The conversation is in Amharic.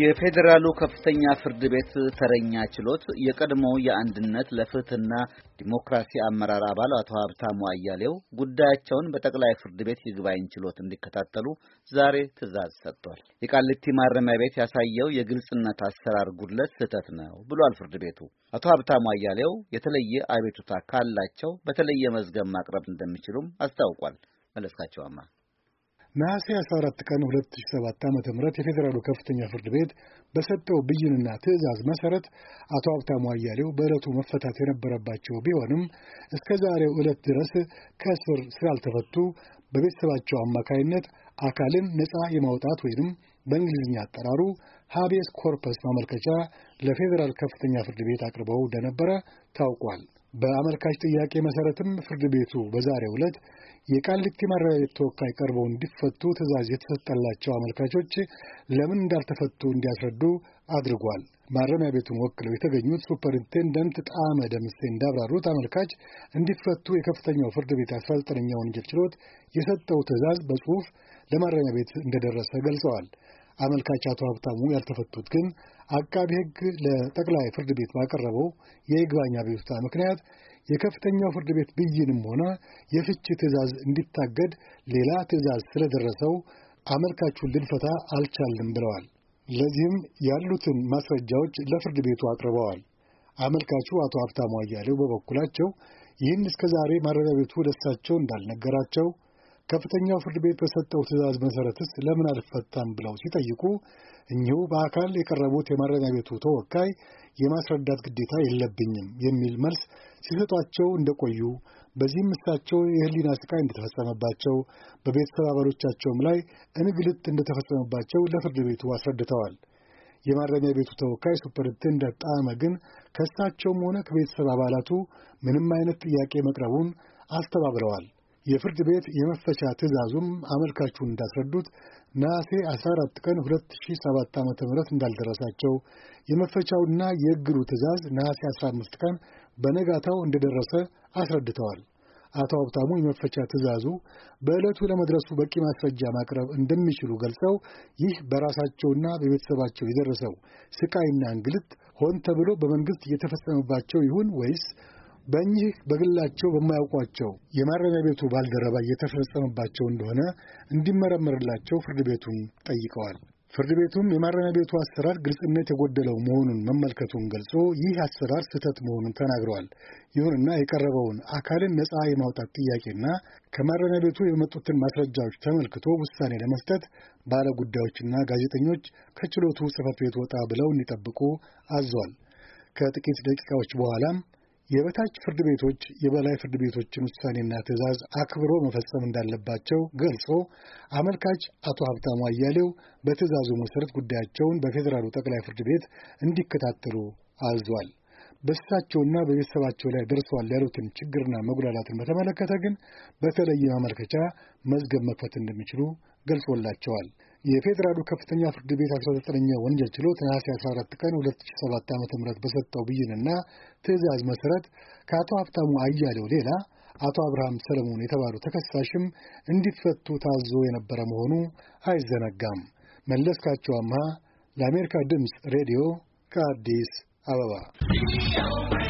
የፌዴራሉ ከፍተኛ ፍርድ ቤት ተረኛ ችሎት የቀድሞው የአንድነት ለፍትህና ዲሞክራሲ አመራር አባል አቶ ሀብታሙ አያሌው ጉዳያቸውን በጠቅላይ ፍርድ ቤት ይግባኝ ችሎት እንዲከታተሉ ዛሬ ትዕዛዝ ሰጥቷል። የቃሊቲ ማረሚያ ቤት ያሳየው የግልጽነት አሰራር ጉድለት ስህተት ነው ብሏል ፍርድ ቤቱ። አቶ ሀብታሙ አያሌው የተለየ አቤቱታ ካላቸው በተለየ መዝገብ ማቅረብ እንደሚችሉም አስታውቋል። መለስካቸዋማ ነሐሴ 14 ቀን 2007 ዓ.ም የፌዴራሉ ከፍተኛ ፍርድ ቤት በሰጠው ብይንና ትዕዛዝ መሰረት አቶ ሀብታሙ አያሌው በዕለቱ መፈታት የነበረባቸው ቢሆንም እስከ ዛሬው ዕለት ድረስ ከእስር ስላልተፈቱ በቤተሰባቸው አማካይነት አካልን ነፃ የማውጣት ወይንም በእንግሊዝኛ አጠራሩ ሃቤስ ኮርፐስ ማመልከቻ ለፌዴራል ከፍተኛ ፍርድ ቤት አቅርበው እንደነበረ ታውቋል። በአመልካች ጥያቄ መሰረትም ፍርድ ቤቱ በዛሬው ዕለት የቃሊቲ ማረሚያ ቤት ተወካይ ቀርበው እንዲፈቱ ትዕዛዝ የተሰጠላቸው አመልካቾች ለምን እንዳልተፈቱ እንዲያስረዱ አድርጓል። ማረሚያ ቤቱን ወክለው የተገኙት ሱፐርኢንቴንደንት ጣዕመ ደምሴ እንዳብራሩት አመልካች እንዲፈቱ የከፍተኛው ፍርድ ቤት አስራ ዘጠነኛ ወንጀል ችሎት የሰጠው ትዕዛዝ በጽሁፍ ለማረሚያ ቤት እንደደረሰ ገልጸዋል። አመልካች አቶ ሀብታሙ ያልተፈቱት ግን አቃቢ ሕግ ለጠቅላይ ፍርድ ቤት ባቀረበው የይግባኝ አቤቱታ ምክንያት የከፍተኛው ፍርድ ቤት ብይንም ሆነ የፍች ትዕዛዝ እንዲታገድ ሌላ ትዕዛዝ ስለደረሰው አመልካቹን ልንፈታ አልቻልንም ብለዋል። ለዚህም ያሉትን ማስረጃዎች ለፍርድ ቤቱ አቅርበዋል። አመልካቹ አቶ ሀብታሙ አያሌው በበኩላቸው ይህን እስከ ዛሬ ማረሚያ ቤቱ ለሳቸው እንዳልነገራቸው ከፍተኛው ፍርድ ቤት በሰጠው ትዕዛዝ መሠረትስ ለምን አልፈታም ብለው ሲጠይቁ እኚሁ በአካል የቀረቡት የማረሚያ ቤቱ ተወካይ የማስረዳት ግዴታ የለብኝም የሚል መልስ ሲሰጧቸው እንደቆዩ በዚህም እሳቸው የህሊና ስቃይ እንደተፈጸመባቸው በቤተሰብ አባሎቻቸውም ላይ እንግልት እንደተፈጸመባቸው ለፍርድ ቤቱ አስረድተዋል። የማረሚያ ቤቱ ተወካይ ሱፐርቴንደንት ጣዕመ ግን ከእሳቸውም ሆነ ከቤተሰብ አባላቱ ምንም አይነት ጥያቄ መቅረቡን አስተባብለዋል። የፍርድ ቤት የመፈቻ ትዕዛዙም አመልካቹን እንዳስረዱት ነሐሴ 14 ቀን 2007 ዓ.ም እንዳልደረሳቸው የመፈቻውና የእግዱ ትዕዛዝ ነሐሴ 15 ቀን በነጋታው እንደደረሰ አስረድተዋል። አቶ ሀብታሙ የመፈቻ ትዕዛዙ በዕለቱ ለመድረሱ በቂ ማስረጃ ማቅረብ እንደሚችሉ ገልጸው ይህ በራሳቸውና በቤተሰባቸው የደረሰው ስቃይና እንግልት ሆን ተብሎ በመንግስት እየተፈጸመባቸው ይሁን ወይስ በእኚህ በግላቸው በማያውቋቸው የማረሚያ ቤቱ ባልደረባ እየተፈጸመባቸው እንደሆነ እንዲመረመርላቸው ፍርድ ቤቱን ጠይቀዋል። ፍርድ ቤቱም የማረሚያ ቤቱ አሰራር ግልጽነት የጎደለው መሆኑን መመልከቱን ገልጾ ይህ አሰራር ስህተት መሆኑን ተናግረዋል። ይሁንና የቀረበውን አካልን ነፃ የማውጣት ጥያቄና ከማረሚያ ቤቱ የመጡትን ማስረጃዎች ተመልክቶ ውሳኔ ለመስጠት ባለ ጉዳዮችና ጋዜጠኞች ከችሎቱ ጽሕፈት ቤት ወጣ ብለው እንዲጠብቁ አዟል። ከጥቂት ደቂቃዎች በኋላም የበታች ፍርድ ቤቶች የበላይ ፍርድ ቤቶችን ውሳኔና ትዕዛዝ አክብሮ መፈጸም እንዳለባቸው ገልጾ አመልካች አቶ ሀብታሙ አያሌው በትዕዛዙ መሠረት ጉዳያቸውን በፌዴራሉ ጠቅላይ ፍርድ ቤት እንዲከታተሉ አዟል። በእሳቸውና በቤተሰባቸው ላይ ደርሰዋል ያሉትን ችግርና መጉላላትን በተመለከተ ግን በተለየ ማመልከቻ መዝገብ መክፈት እንደሚችሉ ገልጾላቸዋል። የፌዴራሉ ከፍተኛ ፍርድ ቤት 19ኛ ወንጀል ችሎት ነሐሴ 14 ቀን 2007 ዓ ም በሰጠው ብይንና ትዕዛዝ መሠረት ከአቶ ሀብታሙ አያሌው ሌላ አቶ አብርሃም ሰለሞን የተባሉ ተከሳሽም እንዲፈቱ ታዞ የነበረ መሆኑ አይዘነጋም። መለስካቸው አምሃ ለአሜሪካ ድምፅ ሬዲዮ ከአዲስ አበባ